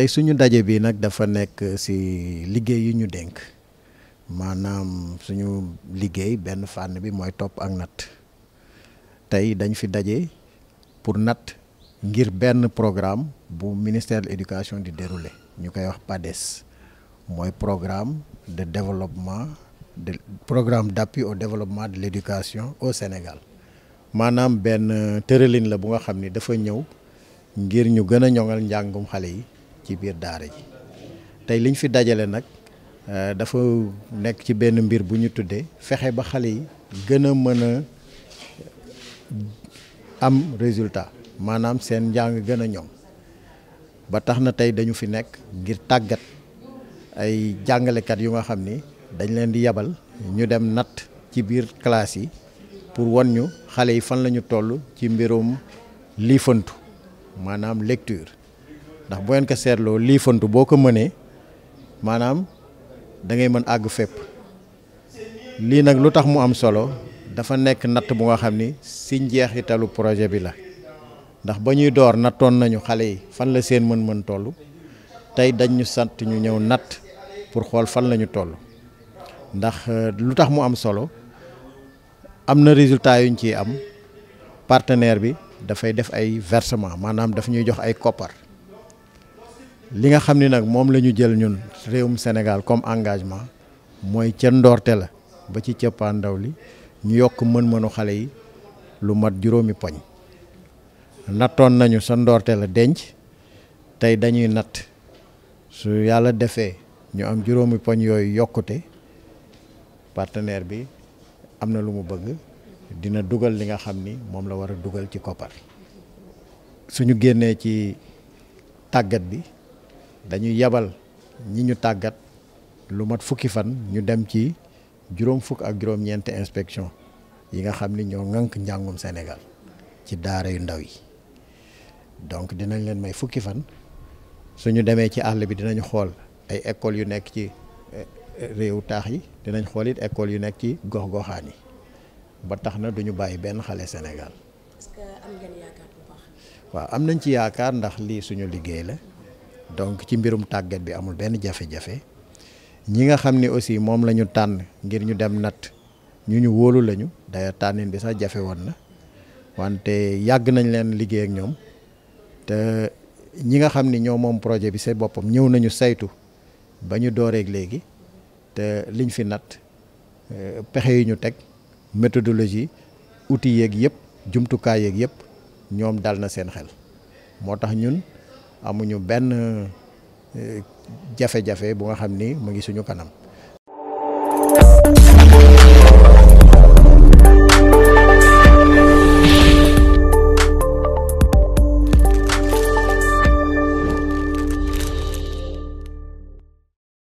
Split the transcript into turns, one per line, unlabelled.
tey suñu daje bi nag dafa nekk si liggéey yu ñu dénk maanaam suñu liggéey benn fànn bi mooy topp ak natt tey dañ fi daje pour natt ngir benn programme bu ministère de l'éducation di déroulé ñu wax PADES mooy programme de développement de programme d'appui au développement de l'éducation au Sénégal maanaam benn tëralin la bu nga xam ni dafa ñëw ngir ñu gën a ñoŋal njàngum yi ci biir daara ji tey liñ fi dajale nag euh, dafa nekk ci benn mbir bu ñu ba xale yi gën a am résultat maanaam seen jang gën a ba tax na tey dañu fi nekk ngir tàggat ay jàngalekat yu nga xam ni dañ leen di yabal ñu dem nat ci biir classe yi pour wan ñu xale yi fan la ñu ci mbirum lecture ndax bu ngeen ko seetloo lii fantu boo ko mënee maanaam da ngay mën àgg fépp lii nag lu tax mu am solo dafa nekk natt bu nga xam ni si njeexitalu projet bi la ndax ba ñuy door nattoon nañu xale yi fan la seen mën-mën tollu tey dañ ñu sant ñu ñëw natt pour xool fan la ñu toll ndax euh, lu tax mu am solo am na résultat yuñ ciy am partenaire bi dafay def ay versement maanaam daf ñuy jox ay koppar li nga xam ni nag moom la ñu jël ñun réewum Sénégal comme engagement mooy ca ndoorte la ba ci cëppaandaw li ñu yokk mën-mënu xale yi lu mat juróomi poñ nattoon nañu sa ndoorte la denc tey dañuy natt su yàlla defee ñu am juróomi poñ yooyu yokkute partenaire bi am na lu mu bëgg dina dugal li nga xam ni moom la war a dugal ci koppar suñu génnee ci tàggat bi dañuy yabal ñi ñu tàggat lu mat fukki fan ñu dem ci juróom fukk ak juróom ñeenti inspection yi nga xam ni ñoo ŋànk njàngum Sénégal ci daara yu ndaw yi donc dinañ leen may fukki fan suñu demee ci àll bi dinañ xool ay école yu nekk ci eh, eh, réew taax yi dinañ xool it école yu nekk ci gox goxaan yi ba tax na duñu bàyyi benn xale Sénégal. am ngeen yaakaar bu baax. waaw am nañ ci yaakaar ndax lii suñu liggéey la donc ci mbirum tàggat bi amul benn jafe-jafe ñi nga xam ne aussi mom la tan ngir ñu dem natt ñu ñu wóolu lañu daya tànnin bi jafe woon na wante yag nañ leen liggéey ak te ñi nga xam ni ñoo mom projet bi seen boppam ñëw nañu saytu banyu ñu glegi te liñ fi nyu euh, tek yi ñu teg méthodologie outils yeeg yëpp jumtukaay yeeg yëpp ñoom dal na seen xel moo ñun amuñu ben eh, jafe-jafe bu nga xam ni ngi suñu kanam